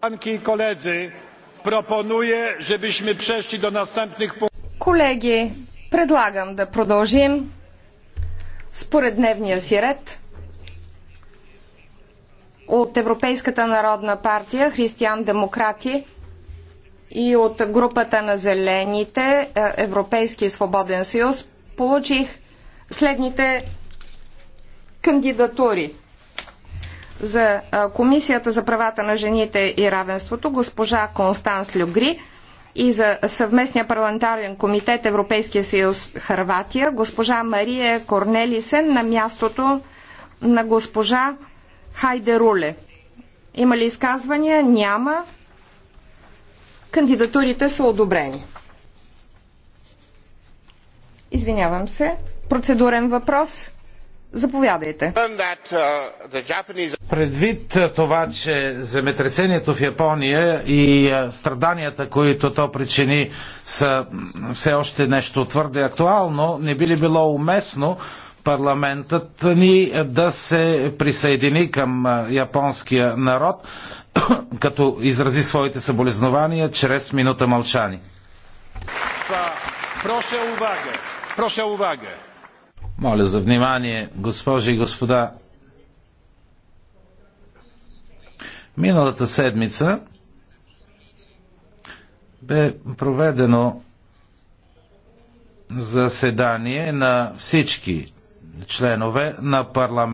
Koleżanki i koledzy, proponuję, żebyśmy przeszli do następnych Колеги, предлагам да продължим според дневния си ред. От Европейската народна партия Християн Демократи и от групата на Зелените Европейски свободен съюз получих следните кандидатури за Комисията за правата на жените и равенството госпожа Констанс Люгри и за съвместния парламентарен комитет Европейския съюз Харватия госпожа Мария Корнелисен на мястото на госпожа Хайде Руле. Има ли изказвания? Няма. Кандидатурите са одобрени. Извинявам се. Процедурен въпрос. Заповядайте. Предвид това, че земетресението в Япония и е, страданията, които то причини, са все още нещо твърде актуално, не би ли било уместно парламентът ни да се присъедини към е, японския народ, като изрази своите съболезнования чрез минута мълчани? Проша увага! Проша увага! Моля за внимание, госпожи и господа. Миналата седмица бе проведено заседание на всички членове на парламента.